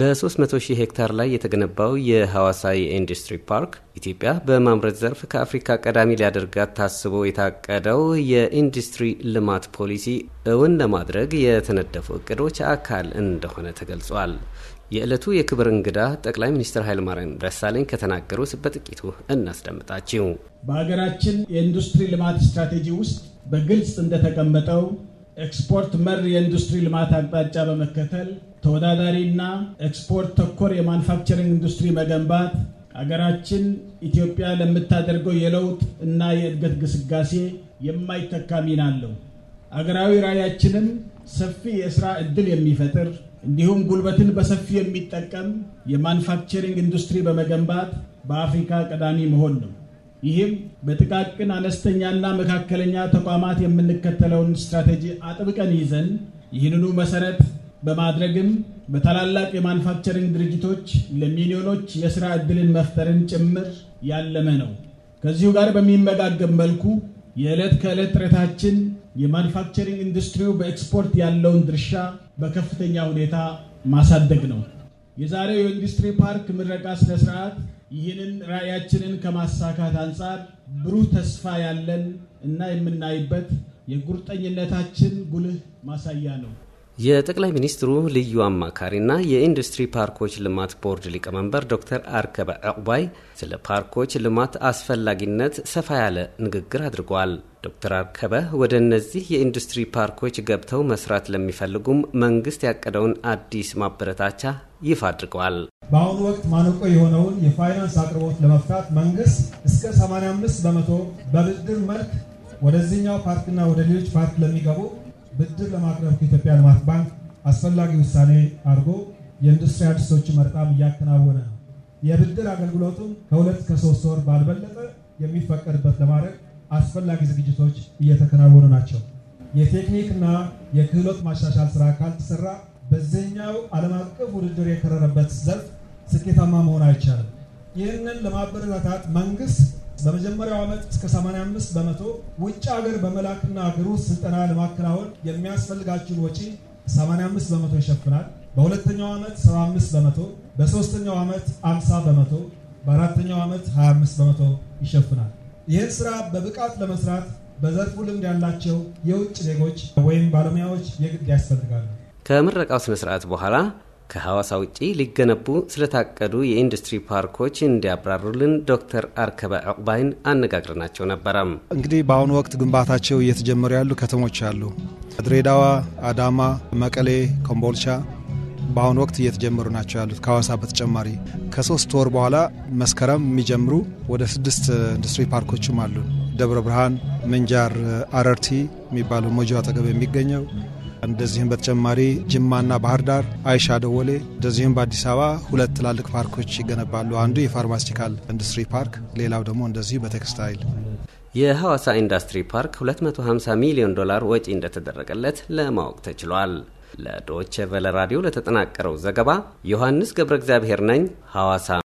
በ300 ሺህ ሄክታር ላይ የተገነባው የሐዋሳ የኢንዱስትሪ ፓርክ ኢትዮጵያ በማምረት ዘርፍ ከአፍሪካ ቀዳሚ ሊያደርጋት ታስቦ የታቀደው የኢንዱስትሪ ልማት ፖሊሲ እውን ለማድረግ የተነደፉ እቅዶች አካል እንደሆነ ተገልጿል። የዕለቱ የክብር እንግዳ ጠቅላይ ሚኒስትር ኃይለማርያም ደሳለኝ ከተናገሩት በጥቂቱ እናስደምጣችው። በሀገራችን የኢንዱስትሪ ልማት ስትራቴጂ ውስጥ በግልጽ እንደተቀመጠው ኤክስፖርት መር የኢንዱስትሪ ልማት አቅጣጫ በመከተል ተወዳዳሪና ኤክስፖርት ተኮር የማኑፋክቸሪንግ ኢንዱስትሪ መገንባት አገራችን ኢትዮጵያ ለምታደርገው የለውጥ እና የእድገት ግስጋሴ የማይተካ ሚና አለው። አገራዊ ራዕያችንም ሰፊ የስራ እድል የሚፈጥር እንዲሁም ጉልበትን በሰፊ የሚጠቀም የማኑፋክቸሪንግ ኢንዱስትሪ በመገንባት በአፍሪካ ቀዳሚ መሆን ነው። ይህም በጥቃቅን አነስተኛና መካከለኛ ተቋማት የምንከተለውን ስትራቴጂ አጥብቀን ይዘን ይህንኑ መሰረት በማድረግም በታላላቅ የማኑፋክቸሪንግ ድርጅቶች ለሚሊዮኖች የስራ ዕድልን መፍጠርን ጭምር ያለመ ነው። ከዚሁ ጋር በሚመጋገብ መልኩ የዕለት ከዕለት ጥረታችን የማኑፋክቸሪንግ ኢንዱስትሪው በኤክስፖርት ያለውን ድርሻ በከፍተኛ ሁኔታ ማሳደግ ነው። የዛሬው የኢንዱስትሪ ፓርክ ምረቃ ስነስርዓት ይህንን ራዕያችንን ከማሳካት አንጻር ብሩህ ተስፋ ያለን እና የምናይበት የጉርጠኝነታችን ጉልህ ማሳያ ነው። የጠቅላይ ሚኒስትሩ ልዩ አማካሪና የኢንዱስትሪ ፓርኮች ልማት ቦርድ ሊቀመንበር ዶክተር አርከበ ዕቁባይ ስለ ፓርኮች ልማት አስፈላጊነት ሰፋ ያለ ንግግር አድርገዋል። ዶክተር አርከበ ወደ እነዚህ የኢንዱስትሪ ፓርኮች ገብተው መስራት ለሚፈልጉም መንግስት ያቀደውን አዲስ ማበረታቻ ይፋ አድርገዋል። በአሁኑ ወቅት ማነቆ የሆነውን የፋይናንስ አቅርቦት ለመፍታት መንግስት እስከ 85 በመቶ በብድር መልክ ወደዚህኛው ፓርክና ወደ ሌሎች ፓርክ ለሚገቡ ብድር ለማቅረብ ከኢትዮጵያ ልማት ባንክ አስፈላጊ ውሳኔ አድርጎ የኢንዱስትሪ አዲሶች መርጣም እያከናወነ ነው። የብድር አገልግሎቱም ከሁለት ከሶስት ወር ባልበለጠ የሚፈቀድበት ለማድረግ አስፈላጊ ዝግጅቶች እየተከናወኑ ናቸው። የቴክኒክና የክህሎት ማሻሻል ስራ ካልተሰራ በዚህኛው ዓለም አቀፍ ውድድር የከረረበት ዘርፍ ስኬታማ መሆን አይቻልም። ይህንን ለማበረታታት መንግስት በመጀመሪያው ዓመት እስከ 85 በመቶ ውጭ ሀገር በመላክና ሀገር ውስጥ ስልጠና ለማከናወን የሚያስፈልጋችሁን ወጪ 85 በመቶ ይሸፍናል። በሁለተኛው ዓመት 75 በመቶ፣ በሶስተኛው ዓመት 50 በመቶ፣ በአራተኛው ዓመት 25 በመቶ ይሸፍናል። ይህን ስራ በብቃት ለመስራት በዘርፉ ልምድ ያላቸው የውጭ ዜጎች ወይም ባለሙያዎች የግድ ያስፈልጋሉ። ከምረቃው ስነስርዓት በኋላ ከሐዋሳ ውጪ ሊገነቡ ስለታቀዱ የኢንዱስትሪ ፓርኮች እንዲያብራሩልን ዶክተር አርከበ ዕቁባይን አነጋግረናቸው ነበረም። እንግዲህ በአሁኑ ወቅት ግንባታቸው እየተጀመሩ ያሉ ከተሞች አሉ። ድሬዳዋ፣ አዳማ፣ መቀሌ፣ ኮምቦልቻ በአሁኑ ወቅት እየተጀመሩ ናቸው ያሉት። ከሐዋሳ በተጨማሪ ከሶስት ወር በኋላ መስከረም የሚጀምሩ ወደ ስድስት ኢንዱስትሪ ፓርኮችም አሉ። ደብረ ብርሃን፣ ምንጃር፣ አረርቲ የሚባለው ሞጆ አጠገብ የሚገኘው እንደዚህም በተጨማሪ ጅማና ባህር ዳር፣ አይሻ ደወሌ እንደዚህም በአዲስ አበባ ሁለት ትላልቅ ፓርኮች ይገነባሉ። አንዱ የፋርማሲካል ኢንዱስትሪ ፓርክ፣ ሌላው ደግሞ እንደዚሁ በቴክስታይል የሐዋሳ ኢንዱስትሪ ፓርክ 250 ሚሊዮን ዶላር ወጪ እንደተደረገለት ለማወቅ ተችሏል። ለዶቼ ቨለ ራዲዮ ለተጠናቀረው ዘገባ ዮሐንስ ገብረ እግዚአብሔር ነኝ ሐዋሳ